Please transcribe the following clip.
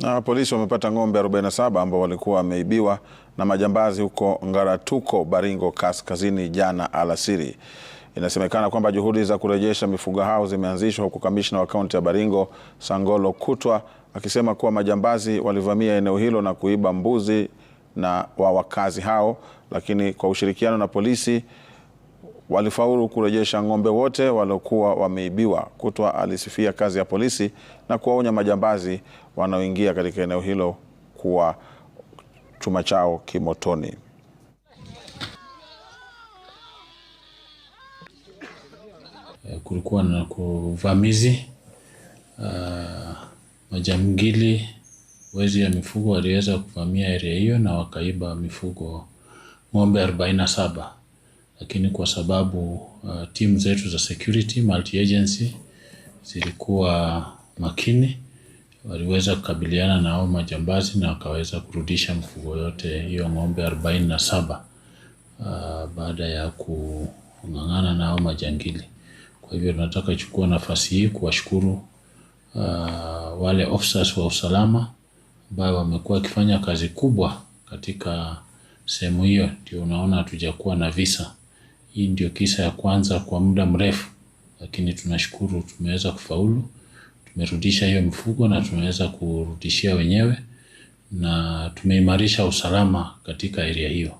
Na polisi wamepata ng'ombe 47 ambao walikuwa wameibiwa na majambazi huko Ngaratuko, Baringo Kaskazini jana alasiri. Inasemekana kwamba juhudi za kurejesha mifugo hao zimeanzishwa huku kamishna wa kaunti ya Baringo Sangolo Kutwa akisema kuwa majambazi walivamia eneo hilo na kuiba mbuzi na wa wakazi hao, lakini kwa ushirikiano na polisi walifaulu kurejesha ng'ombe wote waliokuwa wameibiwa. Kutwa alisifia kazi ya polisi na kuwaonya majambazi wanaoingia katika eneo hilo kuwa chuma chao kimotoni. Eh, kulikuwa na kuvamizi uh, majangili wezi ya mifugo waliweza kuvamia area hiyo na wakaiba mifugo ng'ombe 47 lakini kwa sababu uh, timu zetu za security multi agency zilikuwa makini, waliweza kukabiliana na hao majambazi na wakaweza kurudisha mfugo yote hiyo ng'ombe arobaini na saba uh, baada ya kung'ang'ana na hao majangili. Kwa hivyo tunataka chukua nafasi hii kuwashukuru uh, wale officers wa usalama ambao wamekuwa wakifanya kazi kubwa katika sehemu hiyo, ndio unaona hatujakuwa na visa. Hii ndio kisa ya kwanza kwa muda mrefu, lakini tunashukuru tumeweza kufaulu, tumerudisha hiyo mifugo na tumeweza kurudishia wenyewe na tumeimarisha usalama katika area hiyo.